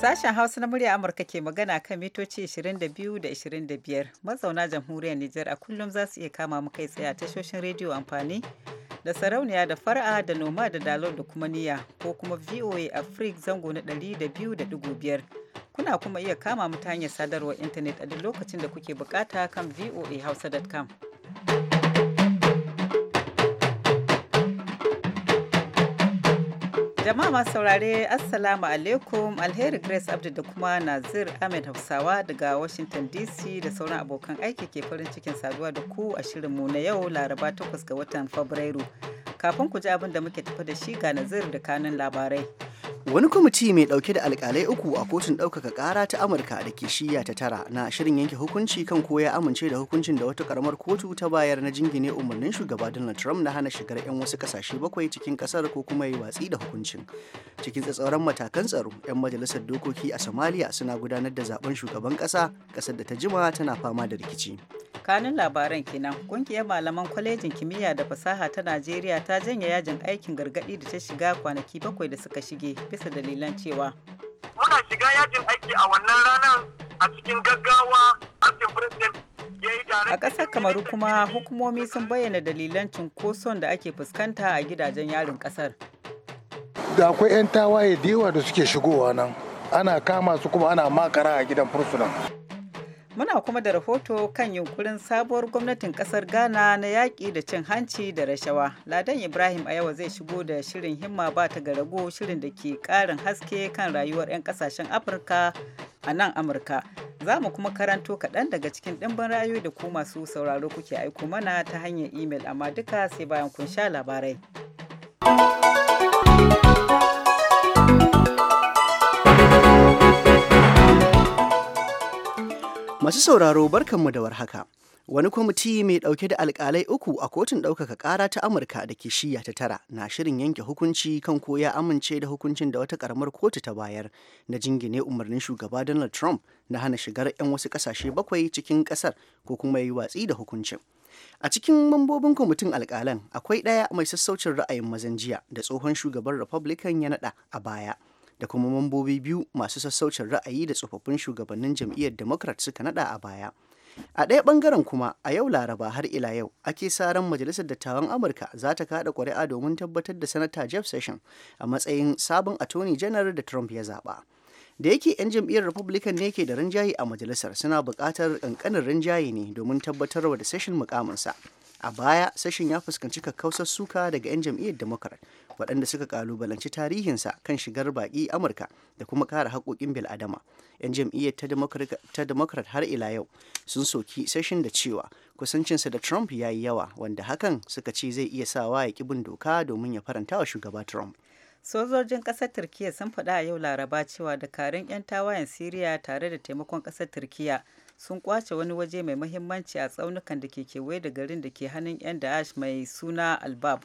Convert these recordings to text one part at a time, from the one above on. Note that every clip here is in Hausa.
Sashen Hausa na murya Amurka ke magana kan mitoci 22 da 25 mazauna jamhuriyar Nijar a kullum za su iya kama mu kai tsaye a tashoshin rediyo amfani da sarauniya da fara'a da noma da dalol da kuma niya ko kuma VOA a Africa zango na 200.5 kuna kuma iya kama mu hanyar sadarwar intanet a duk lokacin da kuke bukata kan voa voahausa.com. Jama'a masu saurare Assalamu alaikum Alheri Grace Abdu da kuma Nazir Ahmed Hausawa daga Washington DC da sauran abokan aiki ke farin cikin saduwa da ku a shirinmu na yau Laraba 8 ga watan Fabrairu. Kafin ku ji abin da muke tafi da shi ga Nazir da kanun labarai. wani kwamiti mai dauke da alkalai uku a kotun daukaka kara ta amurka da ke shiya ta tara na shirin yanke hukunci kan koya amince da hukuncin da wata karamar kotu ta bayar na jingine umarnin shugaba donald trump na hana shigar 'yan wasu kasashe bakwai cikin kasar ko kuma yi watsi da hukuncin cikin tsatsauran matakan tsaro 'yan majalisar dokoki a somalia suna gudanar da zaben shugaban kasa kasar da ta jima tana fama da rikici tsakanin labaran kenan kungiyar malaman kwalejin kimiyya da fasaha ta najeriya ta janya yajin aikin gargadi da ta shiga kwanaki bakwai da suka shige bisa dalilan cewa muna shiga yajin aiki a wannan ranar a cikin gaggawa president a ƙasar kamaru kuma hukumomi sun bayyana dalilan cunkoson da ake fuskanta a gidajen yarin ƙasar da akwai 'yan tawaye da yawa da suke shigowa nan ana kama su kuma ana makara a gidan fursunan Muna kuma da rahoto kan yunkurin sabuwar gwamnatin kasar Ghana na yaƙi da cin hanci da rashawa. Ladan Ibrahim a yawa zai shigo da shirin himma ba ta ga rago shirin da ke ƙarin haske kan rayuwar 'yan ƙasashen Afirka a nan Amurka. Za mu kuma karanto kaɗan daga cikin ɗimbin rayu da ku masu sauraro kuke aiko mana ta hanyar imel amma duka sai bayan kun sha labarai. Masu sauraro barkanmu da warhaka. Wani kwamiti mai dauke da alkalai uku a kotun daukaka kara ta Amurka da ke shiya ta tara na shirin yanke hukunci kan ko ya amince da hukuncin da wata karamar kotu ta bayar na jingine umarnin shugaba Donald Trump na hana shigar 'yan wasu kasashe bakwai cikin kasar ko kuma yi watsi da hukuncin. A cikin mambobin kwamitin alkalan akwai ɗaya mai sassaucin ra'ayin mazan jiya da tsohon shugaban Republican ya naɗa a baya. da kuma mambobi biyu masu sassaucin ra'ayi da tsofaffin shugabannin jam'iyyar democrat suka nada a baya a ɗaya ɓangaren kuma a yau laraba har ila yau ake sa ran majalisar dattawan amurka za ta kaɗa ƙuri'a domin tabbatar da sanata jeff session a matsayin sabon attorney general da trump ya zaɓa da yake 'yan jam'iyyar republican ne ke da rinjaye a majalisar suna buƙatar ƙanƙanin rinjaye ne domin tabbatarwa da session mukaminsa a baya session ya fuskanci kakkausar suka daga 'yan jam'iyyar democrat waɗanda suka kalubalanci tarihinsa kan shigar baƙi amurka da kuma kare haƙoƙin bil'adama yan jam'iyyar ta democrat har ila yau sun soki sashin da cewa kusancinsa da trump ya yi yawa wanda hakan suka ce zai iya sawa ya ki bin doka domin ya faranta wa shugaba trump sojojin ƙasar turkiyya sun faɗa a yau laraba cewa dakarun 'yan tawayen siriya tare da taimakon ƙasar turkiyya sun kwace wani waje mai mahimmanci a tsaunukan da ke kewaye da garin da ke hannun 'yan da'ash mai suna albab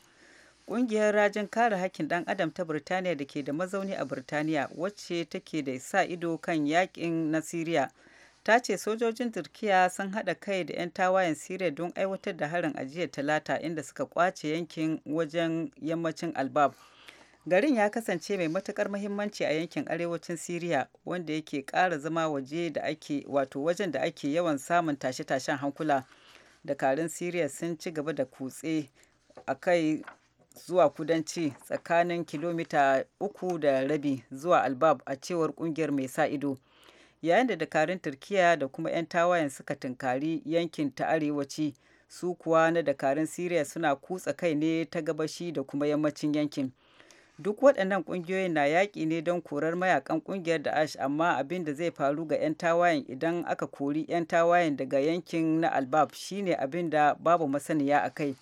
Ƙungiyar rajin kare hakkin ɗan adam ta Birtaniya da ke da mazauni a Birtaniya wacce take da sa ido kan yaƙin na Siriya ta ce sojojin Turkiya sun haɗa kai da 'yan tawayen Siriya don aiwatar da harin ajiyar talata inda suka kwace yankin wajen yammacin Albab. Garin ya kasance mai matukar muhimmanci a yankin arewacin Siriya wanda yake kara zama waje da ake wato wajen da ake yawan samun tashe-tashen hankula. Dakarun Siriya sun ci gaba da kutse a kai zuwa kudanci tsakanin kilomita uku da rabi zuwa albab a cewar kungiyar mai sa ido yayin da dakarun turkiya da kuma 'yan tawayen suka tunkari yankin ta arewaci su kuwa na dakarun siriya suna kutsa kai ne ta gabashi da kuma yammacin yankin duk waɗannan ƙungiyoyin na yaƙi ne don korar mayakan ƙungiyar ash amma abin da zai faru ga 'yan tawayen idan aka kori 'yan tawayen daga yankin na albab shine abin da babu masaniya a kai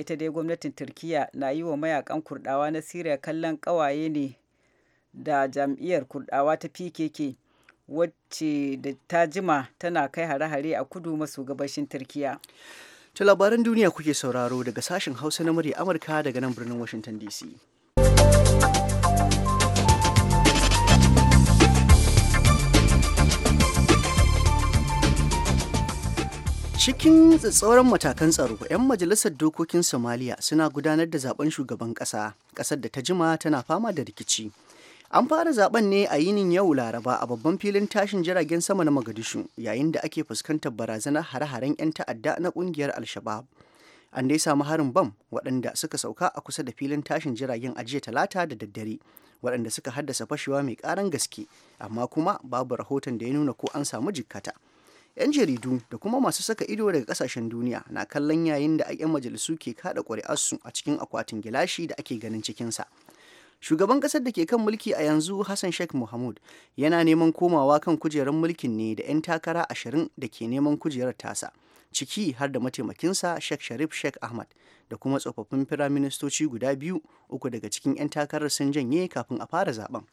ita dai gwamnatin turkiya na yi wa mayakan kurdawa na siriya kallon kawaye ne da jam'iyyar kurdawa ta pkk wacce da ta jima tana kai hare-hare a kudu maso gabashin turkiya ta labaran duniya kuke sauraro daga sashen hausa na murya amurka daga nan birnin washington dc cikin tsatsauran matakan tsaro 'yan majalisar dokokin somaliya suna gudanar da zaben shugaban kasa kasar da ta jima tana fama da rikici an fara zaben ne a yinin yau laraba a babban filin tashin jiragen sama na magadishu yayin da ake fuskantar barazanar hare-haren 'yan ta'adda na kungiyar al-shabab an dai samu harin bam waɗanda suka sauka a kusa da filin tashin jiragen a talata da daddare waɗanda suka haddasa fashewa mai ƙaran gaske amma kuma babu rahoton da ya nuna ko an samu jikkata 'yan jaridu da kuma masu saka ido daga kasashen duniya na kallon yayin da 'yan majalisu ke kada ƙuri'arsu a cikin akwatin gilashi da ake ganin cikinsa shugaban ƙasar da ke kan mulki a yanzu hassan sheikh muhammad yana neman komawa kan kujerar mulkin ne da 'yan takara ashirin da ke neman kujerar tasa ciki har da mataimakinsa sheikh sharif sheikh ahmad da kuma tsofaffin firaministoci guda biyu uku daga cikin 'yan takarar sun janye kafin a fara zaben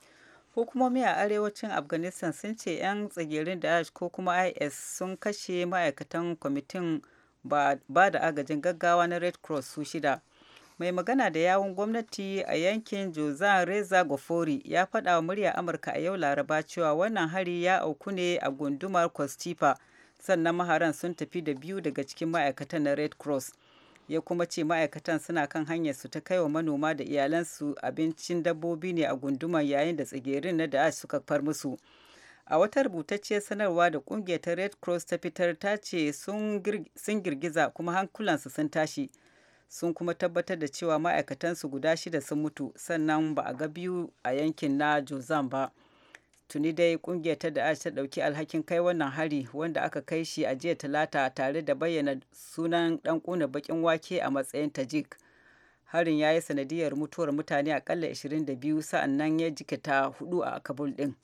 hukumomi a arewacin afghanistan sun ce 'yan tsagerin daesh ko kuma is sun kashe ma'aikatan kwamitin ba da agajin gaggawa na red cross su shida mai magana da yawun gwamnati a yankin jozan reza gofori ya faɗa wa murya amurka a yau laraba cewa wannan hari ya auku ne a gundumar costipa sannan maharan sun tafi da biyu daga cikin ma'aikatan na red cross ya kuma ce ma'aikatan suna kan hanyar su ta kaiwa manoma da iyalansu abincin dabbobi ne a gunduma yayin da tsigerin na da suka far musu a wata rubutacciyar sanarwa da kungiyar ta red cross ta fitar ta ce sun girgiza kuma hankulansu sun tashi sun kuma tabbatar da cewa ma'aikatansu guda shida sun mutu sannan ba a ga biyu a yankin na jozan ba. tuni dai kungiyar ta da ta dauki alhakin kai wannan hari wanda aka kai shi a jiya talata tare da bayyana sunan dan kuna bakin wake a matsayin tajik harin ya yi sanadiyar mutuwar mutane akalla 22 sa'an nan ya jikita hudu a kabul din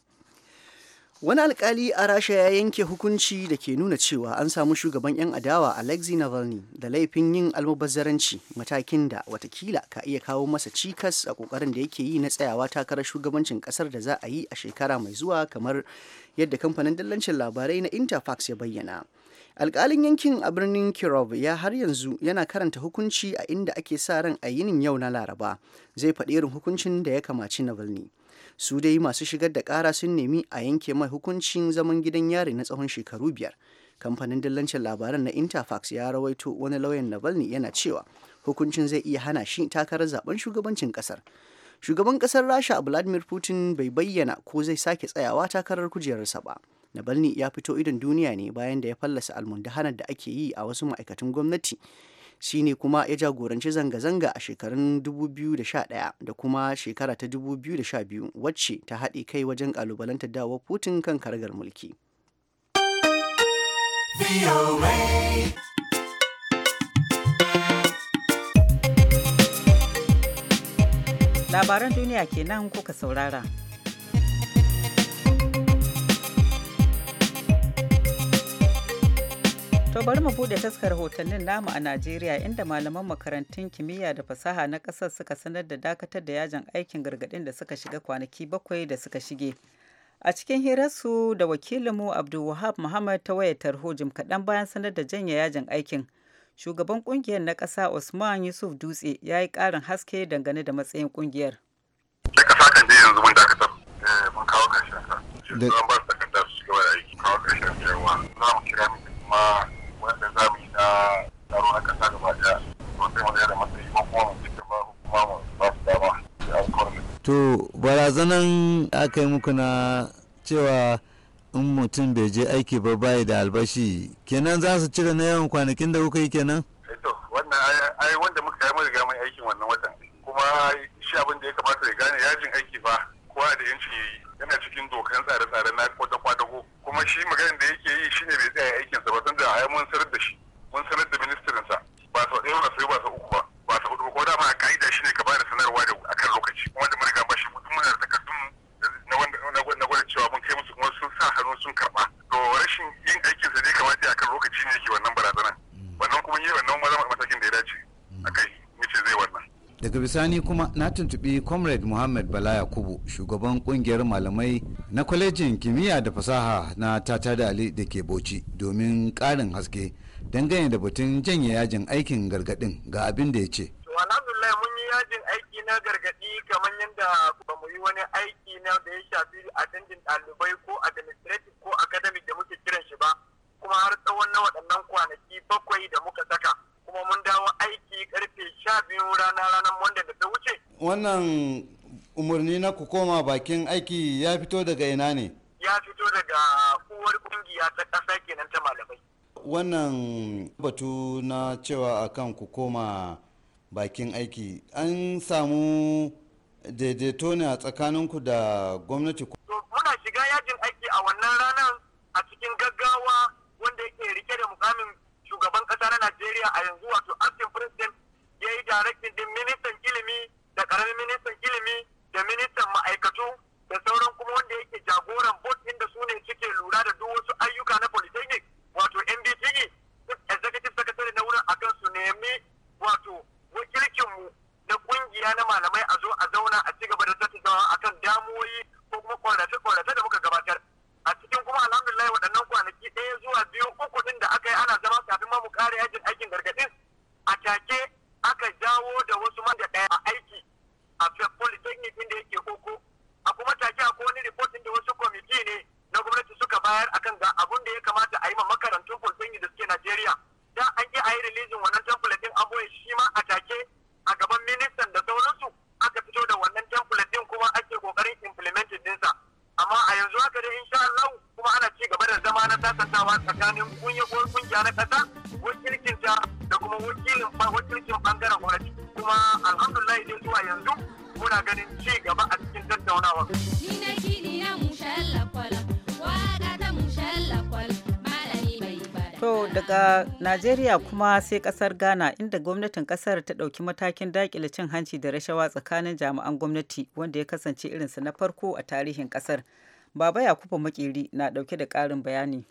wani alkali a rasha ya yanke hukunci da ke nuna cewa an samu shugaban 'yan adawa alexei navalny da laifin yin almubazzaranci matakin da watakila ka iya kawo masa cikas a kokarin da yake yi na tsayawa takarar shugabancin kasar da za a yi a shekara mai zuwa kamar yadda kamfanin dillancin labarai na interfax ya bayyana alkalin yankin a birnin kirov ya har yanzu yana karanta hukunci a inda ake sa ran a yinin yau na laraba zai faɗi irin hukuncin da ya kamaci navalny su dai masu shigar da kara sun nemi a yanke mai hukuncin zaman gidan yari na tsawon shekaru biyar kamfanin dillancin labaran na interfax ya rawaito wani lauyan navalny yana cewa hukuncin zai iya hana shi takarar zaben shugabancin kasar shugaban kasar rasha vladimir putin bai bayyana ko zai sake tsayawa takarar kujerarsa ba navalny ya fito idon duniya ne bayan da ya fallasa almundahanar da ake yi a wasu ma'aikatan gwamnati shine kuma ya jagoranci zanga-zanga a shekarun 2011 da kuma shekara ta 2012 wacce ta haɗe kai wajen ƙalubalanta dawo putin kan karagar mulki. Labaran duniya kenan kuka saurara. To bari mu bude taskar rahotannin namu a Najeriya inda malaman makarantun kimiyya da fasaha na ƙasar suka sanar da dakatar da yajin aikin gargaɗin da suka shiga kwanaki bakwai da suka shige. A cikin hirarsu da wakilinmu Abdulwahab Muhammad ta wayar tarho jim kaɗan bayan sanar da janye yajin aikin. Shugaban ƙungiyar na ƙasa Usman Yusuf Dutse ya yi ƙarin haske dangane da matsayin ƙungiyar. Da kasa kan yanzu mun dakatar eh, mun kawo ƙarshen sa. Shugaban ba su takarda su shiga aiki kawo ƙarshen yawa. Za mu kira kuma da za mu yi na tsaro na ƙasa gaba da sosai sai mu zai da matsayi ko kuma mu cikin ba hukuma mu ba su dama da alkawarin. to barazanan aka yi muku na cewa in mutum bai je aiki ba bai da albashi kenan za su cire na yawan kwanakin da kuka yi kenan? Eh to wannan ai wanda muka yi riga mai aikin wannan watan kuma shi abin da ya kamata ya gane yajin aiki fa kowa da yancin ya yi yana cikin dokan tsare-tsare na kwata kwadago kuma shi maganin da yake yi shine bai tsaya aikinsa ba tun da ai mun sanar da shi mun sanar da sa ba sau ɗaya ba sau ba sau uku ba ba sau uku ba ko dama a ka'ida shine ka bada sanarwa da akan lokaci kuma da bisani kuma na tuntubi comrade muhammad bala yakubu shugaban kungiyar malamai na kwalejin kimiyya da fasaha na tata da ali da ke bauchi domin karin haske dangane da batun janye yajin aikin gargadin ga abin da ya ce alhamdulillah mun yi yajin aiki na gargadi kamar yadda ba mu yi wani aiki na da ya shafi a attending ɗalibai ko administrative ko academic da muke kiran shi ba kuma har tsawon na waɗannan kwanaki bakwai da muka rana ranar wanda da ta wuce wannan umarni na ku koma bakin aiki ya fito daga ina ne ya fito daga uwar kungiya ta ƙasa kenan ta malamai wannan batu na cewa akan ku koma bakin aiki an samu daidaito ne a tsakaninku da gwamnati muna shiga yajin aiki a wannan ranar a cikin gaggawa wanda yake rike da mukamin shugaban kasa na najeriya a yanzu wato acting president yi directing din ministan ilimi da karamin ministan ilimi da ministan ma'aikatu da sauran kuma wanda yake jagoran bot din da su ne suke lura da duk wasu ayyuka na polytechnic wato MBTE executive secretary na wurin akan su nemi wato wakilcin mu na kungiya na malamai a zo a zauna a ci gaba da tattaunawa akan damuwoyi ko kuma kwarace-kwarace da muka Najeriya kuma sai kasar Ghana inda gwamnatin kasar ta ɗauki matakin daƙile cin hanci da rashawa tsakanin jami'an gwamnati wanda ya kasance irinsa na farko a tarihin kasar. Baba Yakubu Makeri na ɗauke da ƙarin bayani.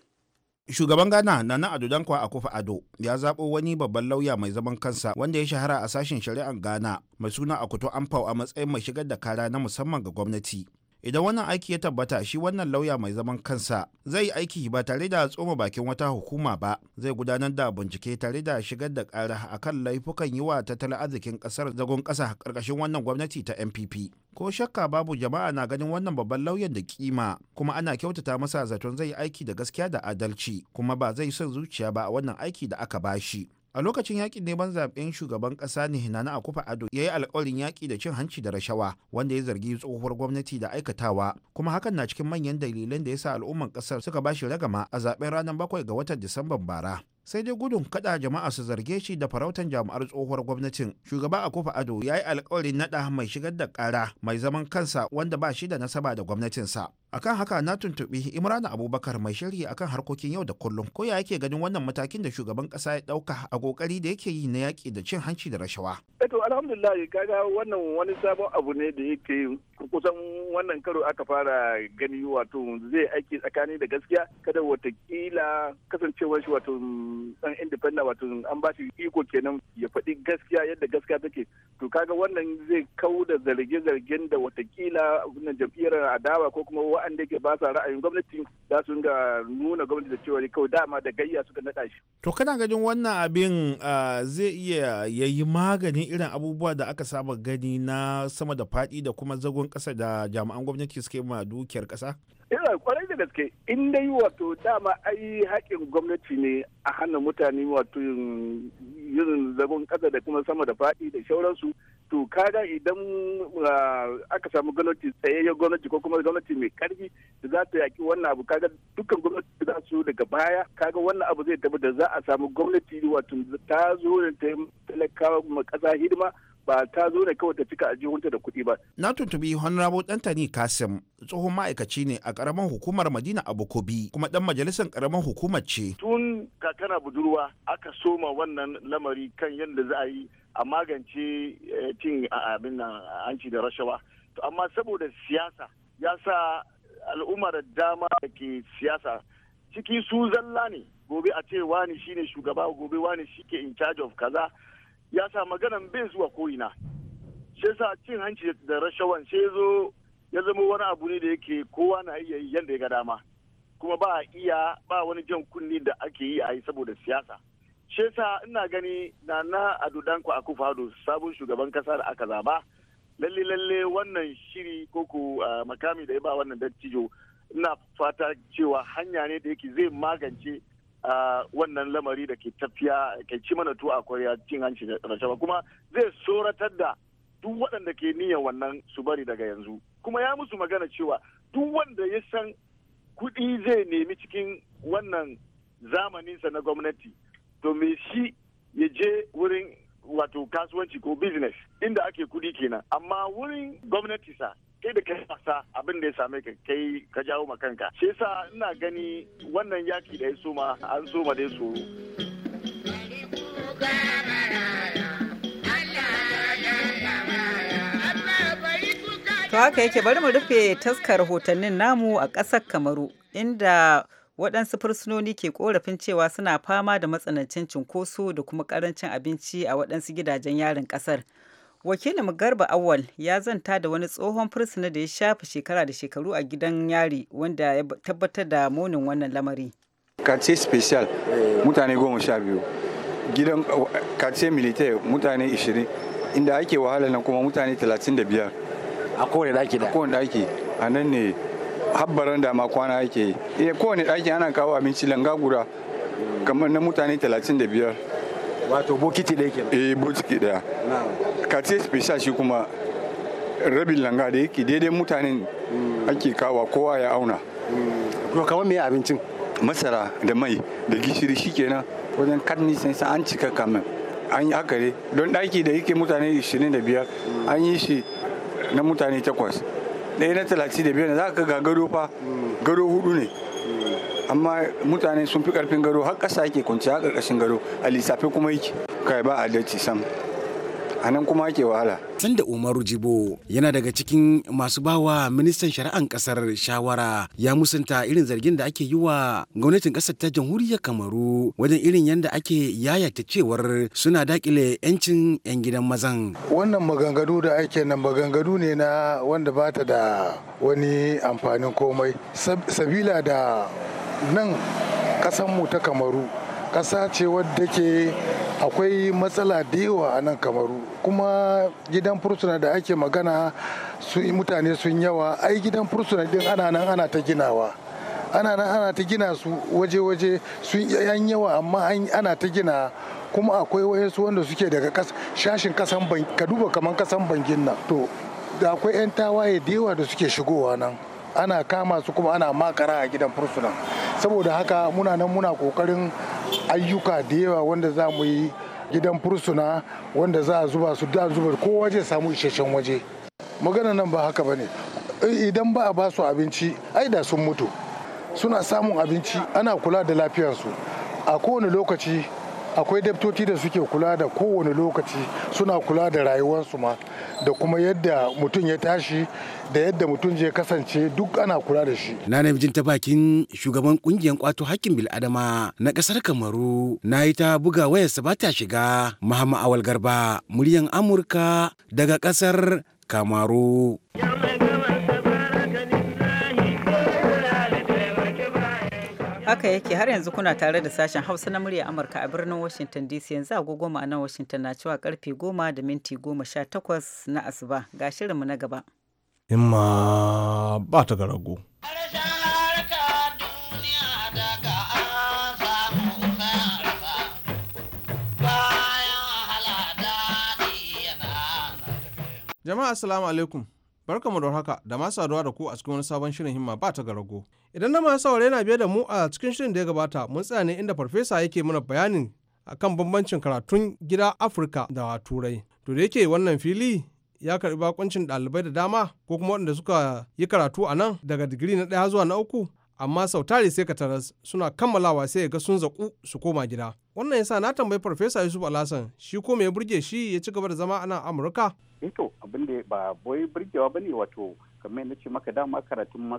Shugaban Ghana Nana Ado Dankwa kufa Ado ya zaɓo wani babban lauya mai zaman kansa wanda ya shahara a sashen shari'ar Ghana mai suna Akuto Amfau a matsayin mai shigar da kara na musamman ga gwamnati. idan wannan aiki ya tabbata shi wannan lauya mai zaman kansa zai aiki ba tare da tsoma bakin wata hukuma ba zai gudanar da bincike tare da shigar da kara kan laifukan yi wa tattalin arzikin kasar zagon kasa karkashin wannan gwamnati ta npp ko shakka babu jama'a na ganin wannan babban lauyan da kima kuma ana kyautata masa zaton zai aiki da gaskiya da adalci kuma ba zai son zuciya ba a wannan aiki da aka bashi a lokacin yakin neman zaben shugaban kasa ne hinana akufa ado ya yi alkawarin yaki da cin hanci da rashawa wanda ya zargi tsohuwar gwamnati da aikatawa kuma hakan na cikin manyan dalilan da ya sa al'umman kasar suka ba shi ragama a zaben ranar bakwai ga watan disamban bara sai dai gudun kada jama'a su zarge shi da farautan jami'ar tsohuwar gwamnatin shugaba akufa ado ya yi alkawarin nada mai shigar da kara mai zaman kansa wanda ba shi da nasaba da gwamnatinsa akan haka na tuntuɓi imrana abubakar mai sharhi akan harkokin yau da kullum ko ya yake ganin wannan matakin da shugaban ƙasa ya ɗauka a ƙoƙari da yake yi na yaƙi da cin hanci da rashawa. eto eh alhamdulillah kaga wannan wani sabon abu ne da yake kusan wannan karo aka fara gani wato zai aiki tsakani da gaskiya kada watakila kasancewar shi wato ɗan independent wato an ba shi iko kenan ya faɗi gaskiya yadda gaskiya take to kaga wannan zai kau da zarge-zargen da watakila jam'iyyar adawa ko kuma wa'anda ke ba sa ra'ayin gwamnati za su ga nuna gwamnati da cewa kawai dama da gayya suka naɗa shi. To kana ganin wannan abin ah, zai iya yayi maganin irin abubuwa da aka saba gani na sama da faɗi da kuma zagon ƙasa da jami'an gwamnati suke ma dukiyar ƙasa? yana kwarai da gaske in dai wato dama ai haƙin gwamnati ne a hana mutane wato yin zagon ƙasa da kuma sama da faɗi da shauransu to kaga idan ah, aka samu gwamnati tsayayyen gwamnati ko kuma gwamnati mai karfi da za ta yaki wannan abu kaga dukkan gwamnati za su daga baya kaga wannan abu zai tabbata za a samu gwamnati wato ta zo da ta talakawa hidima ba ta zo ne kawai ta cika ajiyunta da kuɗi ba. Na tuntubi Honorable Dantani Kasim tsohon ma'aikaci ne a ƙaramar hukumar Madina Abokobi, kuma ɗan majalisar ƙaramar hukumar ce. Tun kakana budurwa aka soma wannan lamari kan yadda za a yi a magance eh, cin abin nan hanci da rashawa. To amma saboda siyasa ya sa al'umma dama da ke siyasa ciki su zalla ne gobe a ce wani shine shugaba gobe wani shi ke in charge of kaza ya sa maganan bai zuwa ko'ina shi sa cin hanci da rashawan sai zo ya zama wani abu ne da yake kowa na iya yi yadda ya ga dama kuma ba iya ba wani jan kunni da ake yi a yi saboda siyasa shi sa ina gani na na ado danko akufado sabon shugaban kasa da aka zaba lalle lalle wannan shiri ko ku makami da ya ba wannan dattijo ina fata cewa hanya ne da yake zai magance wannan lamari da ke tafiya ke ci mana tuwa a kwarya cin hanci da ba kuma zai soratar da duk waɗanda ke niyyar wannan su bari daga yanzu kuma ya musu magana cewa duk wanda ya san kuɗi zai nemi cikin wannan zamaninsa na gwamnati to me shi ya je wurin wato kasuwanci ko business inda ake kuɗi kenan amma wurin gwamnati sa kai da kai wasa abin da ya same ka kai ka jawo ma kanka shi yasa ina gani wannan yaki da ya suma an suma dai su To haka yake bari mu rufe taskar rahotannin namu a ƙasar Kamaru inda waɗansu fursunoni ke korafin cewa suna fama da matsanancin cinkoso da kuma ƙarancin abinci a waɗansu gidajen yarin ƙasar. wakilin garba awal ya zanta da wani tsohon fursuna da ya shafi shekara da shekaru a gidan yari wanda ya tabbatar da munin wannan lamari kace special mutane goma sha biyu gidan kace militaire mutane 20 inda ake wahala nan kuma mutane talatin da biyar a kowane daki da kowane daki a nan ne habbaran da ma kwana ake yi eh, kowane daki ana kawo abinci langa guda kamar na mutane talatin da biyar wato bokiti ɗaya kenan eh bokiti ɗaya kartier special shi kuma rabin langa da yake daidai mutanen hmm. ake kawa kowa ya auna hmm. to kamar me abincin masara da mai da gishiri shikenan wajen karni sai an cika kamar an yi haka ne don ɗaki da yake mutane 25 hmm. an yi shi na mutane takwas ɗaya na 35 za ka ga gado fa gado hudu ne amma mutane sun fi karfin gado har ƙasa yake kwanciya a ƙarƙashin gado a lissafe kuma yake kai ba adalci sam a nan kuma ake wahala. Sanda Umaru Jibo yana daga cikin masu bawa ministan shari'an kasar shawara ya musanta irin zargin da ake yi wa gwamnatin kasar ta jamhuriyar Kamaru wajen irin yadda ake yayata cewar suna dakile 'yancin 'yan gidan mazan. Wannan maganganu da ake nan maganganu ne na wanda ba ta da wani amfanin komai. Sabila da nan kasanmu ta Kamaru ƙasa ce wadda ke akwai matsala da yawa a nan kamaru kuma gidan fursuna da ake magana su mutane sun yawa ai gidan fursuna din ana nan ana ta ginawa ana nan ana ta gina su waje-waje sun yan yawa amma ana ta gina kuma akwai wayansu wanda suke daga shashin kasan ka duba kaman kasan bangin nan to da akwai 'yan tawaye da yawa da suke shigowa nan ana kama su kuma ana makara a gidan fursuna saboda haka muna nan muna kokarin ayyuka da yawa wanda za mu yi gidan fursuna wanda za a zuba su da zuba kowa zai samu isasshen waje magana nan ba haka ba ne idan ba a ba su abinci ai da sun mutu suna samun abinci ana kula da lafiyarsu a kowane lokaci akwai daftoti da suke kula da kowane lokaci suna kula da rayuwarsu ma da kuma yadda mutum ya tashi da yadda mutum zai kasance duk ana kula da shi. Na namijin jin ta bakin shugaban kungiyar kwato hakkin bil'adama na kasar Kamaru na yi ta buga wayarsa ba ta shiga Muhammad Awal Garba muryan Amurka daga kasar Kamaru. Haka yake har yanzu kuna tare da sashen Hausa na murya Amurka a birnin Washington DC yanzu agogo nan Washington na cewa karfe goma da minti goma sha takwas na asuba ga shirinmu na gaba. Imma ba ta ga rago. Jama'a assalamu alaikum. barkamu da haka da ma saduwa da ku a cikin wani sabon shirin himma ba ta garago idan na masu saurare na biye da mu a cikin shirin da ya gabata mun tsaya ne inda farfesa yake mana bayanin akan bambancin karatun gida afirka da turai to da yake wannan fili ya karbi bakuncin ɗalibai da dama ko kuma waɗanda suka yi karatu a nan daga digiri na ɗaya zuwa na uku amma sau tare sai ka taras suna kammalawa sai ga sun zaku su koma gida wannan yasa na tambayi farfesa yusuf alhassan shi ko me burge shi ya ci gaba da zama a nan amurka eh to abin da ba boye burgewa ba ne wato kamar na ce maka dama karatun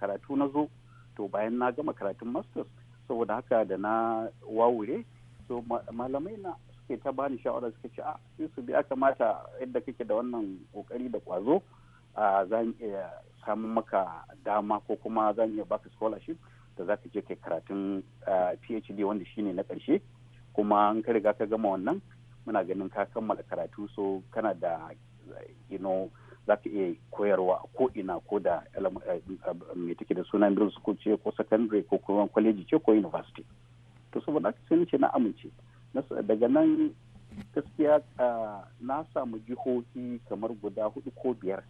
karatu na zo to bayan na gama karatun masters saboda haka da na wawure so malamai na suke ta bani shawara suka ce a su biya kamata yadda kake da wannan kokari da kwazo zan samun maka dama ko kuma zan iya baka scholarship da za ka je kai karatun eh, phd wanda shine na ƙarshe kuma in ka riga ka gama wannan muna ganin ka kammala karatu so kana da you know za ka iya koyarwa ko ina ko da mai eh, eh, take da suna middle school ce ko secondary ko kuma college ce ko university to saboda haka sai ce na amince daga nan gaskiya na samu jihohi kamar guda hudu ko biyar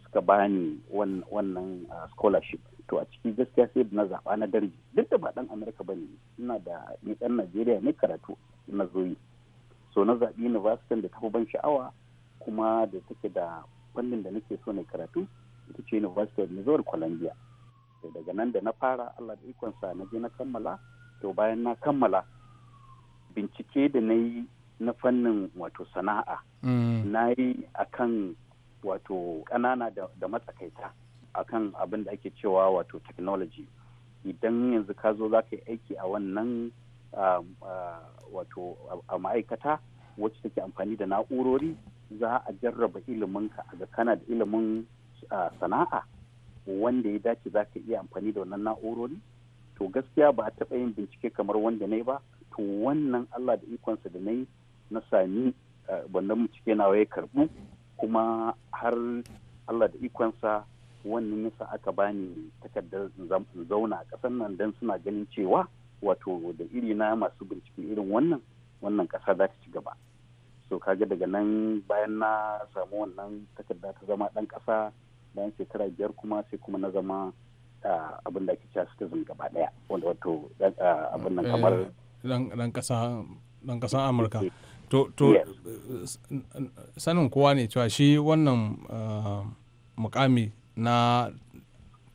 suka bani wannan scholarship to a ciki gaskiya sai na zaɓa na darji duk da ba ɗan amurka ba ina da ni ɗan najeriya ne karatu na zoyi so na zaɓi university da tafi ban sha'awa kuma da take da fannin da nake so na karatu ita ce university of missouri columbia to daga nan da na fara allah da ikonsa na je na kammala to bayan na kammala bincike da na yi na fannin wato sana'a mm. na yi akan wato ƙanana da matsakaita akan abin da ake cewa wato technology idan yanzu ka zo za ka yi aiki a wannan wato a ma'aikata wacce take amfani da na'urori za a jarraba iliminka a ga kana da ilimin sana'a wanda ya dace za ka iya amfani da wannan na'urori to gaskiya ba a taɓa yin bincike kamar wanda na yi ba to wannan allah da ikonsa da na yi na sami wannan bincike nawa ya karɓu kuma har allah da ikonsa wannan nisa aka bani takardar zauna a ƙasar nan don suna ganin cewa wato da iri na masu bincike irin wannan wannan ƙasa za ta ci gaba so kaga daga nan bayan na samu wannan takarda ta zama ɗan ƙasa bayan shekara biyar kuma sai kuma na zama abin da ake cewa citizen gaba ɗaya wanda wato abin nan kamar eh, ɗan ƙasa amurka eh, to to sanin kowa ne cewa shi wannan uh, mukami na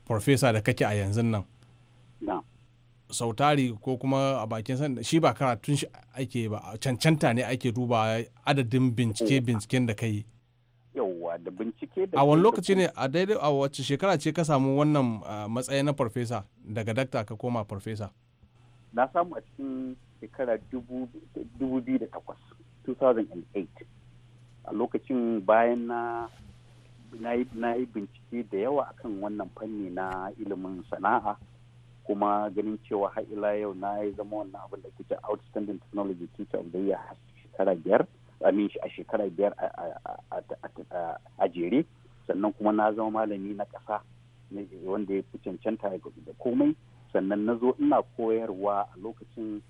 farfesa da kake a yanzu nan sautari ko kuma a bakin san shi ba karatun shi ake ba cancanta ne ake duba adadin bincike binciken da kai yi da bincike da a wani lokaci ne a daidai a wacce shekara ce ka samu wannan uh, matsayi na farfesa daga dakta ka koma farfesa na samu a cikin shekara 2008 2008 a lokacin bayan na na yi bincike da yawa akan wannan fanni na ilimin sana'a kuma ganin cewa har ila yau na yi zama wannan abin da kuke outstanding technology teacher of the year a shekara biyar a shekara biyar a jere sannan kuma na zama malami na kasa wanda ya fi cancanta da komai sannan na zo ina koyarwa a lokacin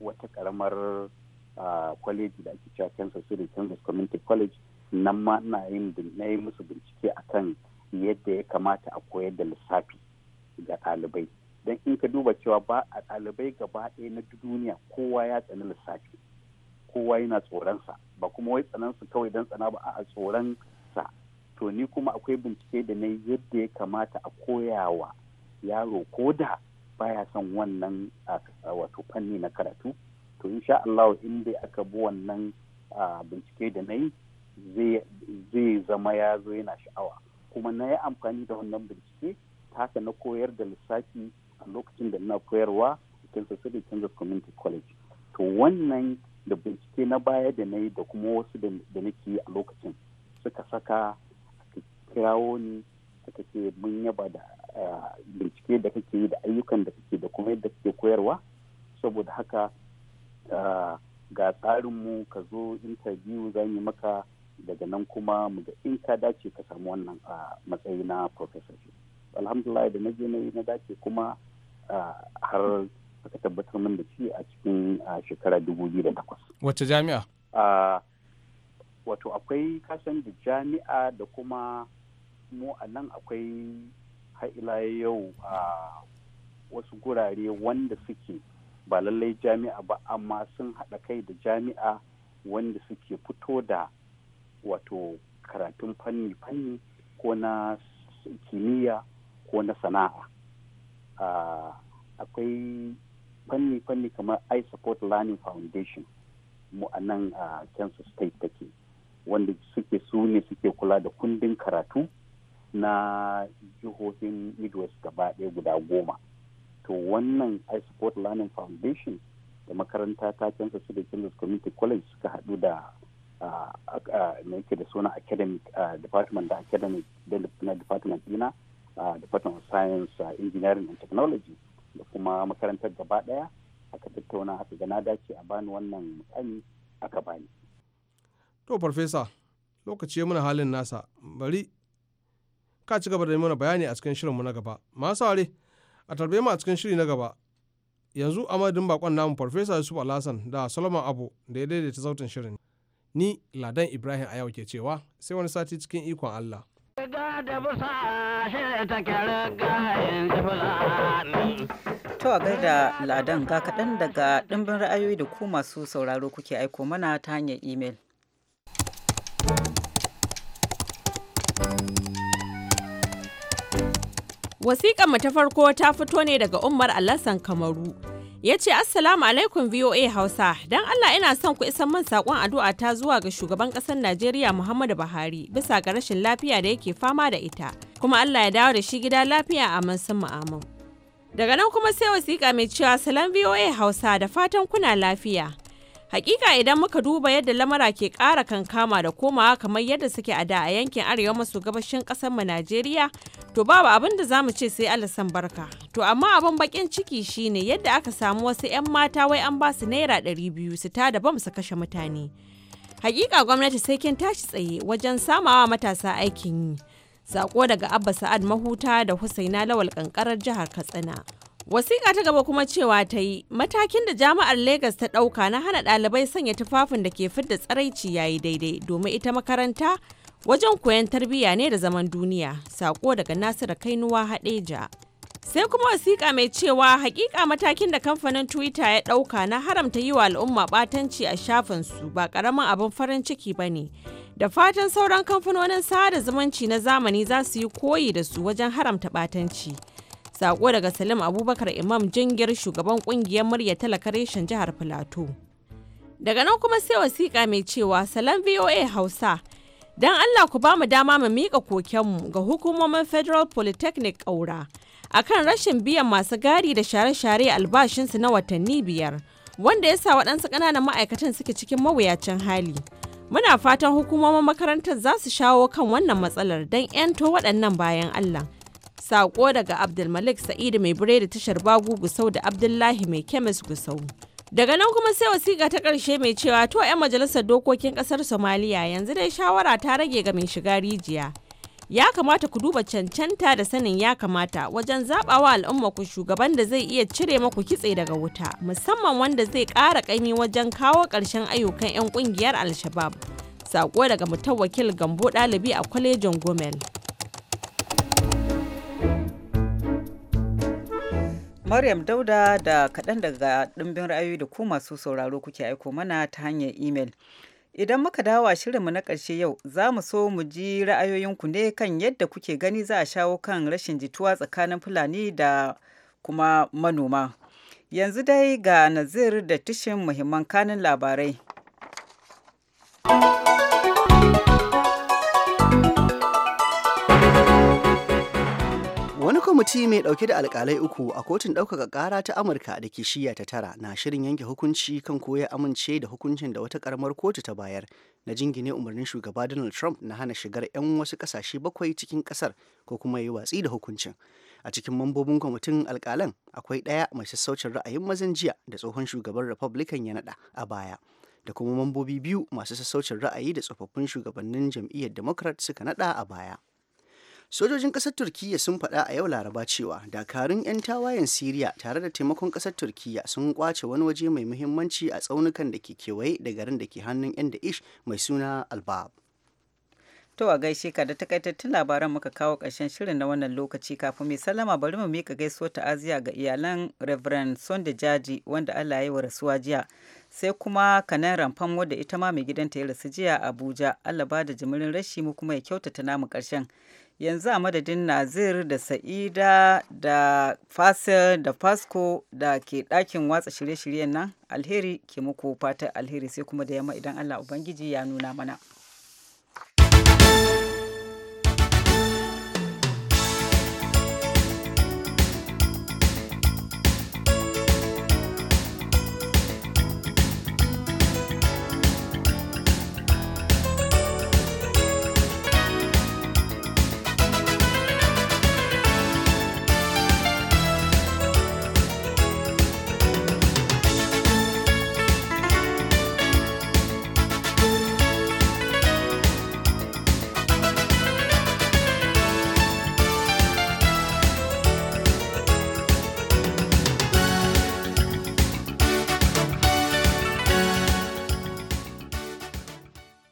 wata ƙaramar a kwaleji da ake cewa Kansas City Kansas Community College nan ma ina yin na yi musu bincike akan yadda ya kamata a koyar da lissafi ga ɗalibai don in ka duba cewa ba a ɗalibai gaba ɗaya na duniya kowa ya tsani lissafi kowa yana tsoronsa ba kuma wai tsanansu kawai don tsana ba a tsoronsa to ni kuma akwai bincike da na yadda ya kamata a koyawa yaro ko da baya son wannan wato fanni na karatu to sha Allah in dai aka bi wannan bincike da na yi zai zama ya zo yana sha'awa kuma na yi amfani da wannan bincike ta haka na koyar da lissafi a lokacin da na koyarwa a cikin Society Kansas Community College to wannan da bincike na baya da na yi da kuma wasu da nake a lokacin suka saka a kirawo ni aka ce mun yaba da bincike da kake yi da ayyukan da kake da kuma yadda kake koyarwa saboda haka Ah, ga tsarinmu ka zo interview zan yi maka daga nan kuma mu ga in ka dace ka samu wannan a ah, matsayi na professor alhamdulillah da na na yi na dace kuma ah, har aka tabbatar min da shi a cikin shekara 2008 wacce jami'a wato akwai kasan da jami'a da kuma mu a nan akwai haila yau a wasu gurare wanda suke ba lallai jami'a ba amma sun haɗa kai da jami'a wanda suke fito da wato karatun fanni-fanni ko na kimiyya ko na sana'a akwai fanni-fanni kamar i support learning foundation mu a nan a kansas state take wanda suke su ne suke kula da kundin karatu na jihohin midwest gaba ɗaya guda goma to wannan iSport Learning Foundation da makaranta ta canza su da Children's Community College suka hadu da na yake da suna academic department da academic na department dina department of science engineering and technology da kuma makarantar gaba daya aka tattauna aka gana dace a bani wannan mutane aka bani to farfesa lokaci ya muna halin nasa bari ka ci gaba da mana bayani a cikin mu na gaba masu ware a tarbe mu a cikin shiri na gaba yanzu a madadin bakon namu farfesa yusuf alhassan da solomon abu da ya daidaita sautin shirin ni ladan ibrahim a yau ke cewa sai wani sati cikin ikon allah To a gaida ladan ga kaɗan daga ɗimbin ra'ayoyi da ku masu sauraro kuke aiko mana ta hanyar imel. Wasiƙan mu ta farko ta fito ne daga Umar Alassan Kamaru. Ya ce Assalamu alaikum VOA Hausa, don Allah ina son ku isan man saƙon addu'a ta zuwa ga shugaban ƙasar Najeriya Muhammadu Buhari bisa ga rashin lafiya da yake fama da ita, kuma Allah ya dawo da shi gida lafiya a sun mu'amun. Daga nan kuma sai wasiƙa mai cewa salam VOA Hausa da fatan kuna lafiya. Hakika idan muka duba yadda lamara ke ƙara kankama da komawa kamar yadda suke a da a yankin arewa maso gabashin mu Najeriya, to babu abin da zamu ce sai allah san barka. To amma abin bakin ciki shine yadda aka samu wasu 'yan mata wai an ba su naira 200 biyu su tada bam su kashe mutane. Hakika gwamnati sai kin tashi tsaye wajen samawa matasa aikin yi. Sako daga Abba Sa'ad Mahuta da Husaina Lawal Kankarar jihar Katsina. Wasiƙa ta gaba kuma cewa ta yi matakin da jami'ar Legas ta ɗauka na hana ɗalibai sanya tufafin da ke fidda tsaraici yayi daidai domin ita makaranta wajen koyon tarbiyya ne da zaman duniya sako daga Nasiru Kainuwa haɗeja Sai kuma wasiƙa mai cewa hakika matakin da kamfanin Twitter ya ɗauka na haramta yi wa al'umma ɓatanci a shafin su ba ƙaramin abin farin ciki ba ne. Da fatan sauran kamfanonin sada zumunci na zamani za su yi koyi da su wajen haramta ɓatanci. Sako daga Salim Abubakar Imam Jingir shugaban kungiyar murya talaka reshen jihar Filato. Daga nan kuma sai wasiƙa mai cewa Salam VOA Hausa. Don Allah ku ba mu dama mu miƙa kokenmu ga hukumomin Federal Polytechnic ƙaura akan rashin biyan masu gari da share-share albashinsu na watanni biyar. wanda ya sa waɗansu ƙananan ma'aikatan suke cikin mawuyacin hali. Muna fatan hukumomin makarantar za su shawo kan wannan matsalar don 'yanto waɗannan bayan Allah. Sako daga Abdulmalik Sa'idu mai da tashar Bagu Gusau da Abdullahi mai kemis Gusau. Daga nan kuma sai wasiƙa ta ƙarshe mai cewa to 'yan majalisar dokokin ƙasar Somaliya yanzu dai shawara ta rage ga mai shiga rijiya. Ya kamata ku duba cancanta da sanin ya kamata wajen zaɓawa al'umma ku shugaban da zai iya cire maku kitse daga wuta musamman wanda zai ƙara ƙaimi wajen kawo ƙarshen ayyukan 'yan ƙungiyar Alshabab. Sako daga mutawakil Gambo ɗalibi a kwalejin Gomel. Maryam Dauda da kaɗan daga ɗimbin ra'ayoyi da ku masu sauraro kuke aiko mana ta hanyar imel. Idan muka dawo a mu na ƙarshe yau, za mu so mu ji ra'ayoyinku ne kan yadda kuke gani za a shawo kan rashin jituwa tsakanin Fulani da kuma manoma. Yanzu dai ga Nazir da tushen muhimman kanin labarai. kwamiti mai dauke da alkalai uku a kotun ɗaukaka kara ta amurka da ke shiya ta tara na shirin yanke hukunci kan koya amince da hukuncin da wata karamar kotu ta bayar na jingine umarnin shugaba donald trump na hana shigar 'yan wasu kasashe bakwai cikin kasar ko kuma yi watsi da hukuncin a cikin mambobin kwamitin alkalan akwai ɗaya mai sassaucin ra'ayin mazan jiya da tsohon shugaban republican ya naɗa a baya da kuma mambobi biyu masu sassaucin ra'ayi da tsofaffin shugabannin jam'iyyar democrat suka naɗa a baya sojojin ƙasar turkiyya sun faɗa a yau laraba cewa dakarun 'yan tawayen siriya tare da taimakon ƙasar turkiyya sun kwace wani waje mai muhimmanci a tsaunukan da ke kewaye da garin da ke hannun 'yan da'ish mai suna albab To a gaishe ka da takaitattun labaran muka kawo ƙarshen shirin na wannan lokaci kafin mai sallama bari mu mika gaisuwar ta'aziya ga iyalan Reverend Sunday Jaji wanda Allah ya yi wa rasuwa jiya. Sai kuma kanan ramfan wadda ita ma mai gidanta ya rasu jiya Abuja. Allah ba da jimirin rashi mu kuma ya kyautata namu ƙarshen. yanzu a madadin nazir da sa'ida da fasil da fasco da ke ɗakin watsa shirye-shiryen nan alheri ke muku fatan alheri sai kuma da yamma idan allah ubangiji ya nuna mana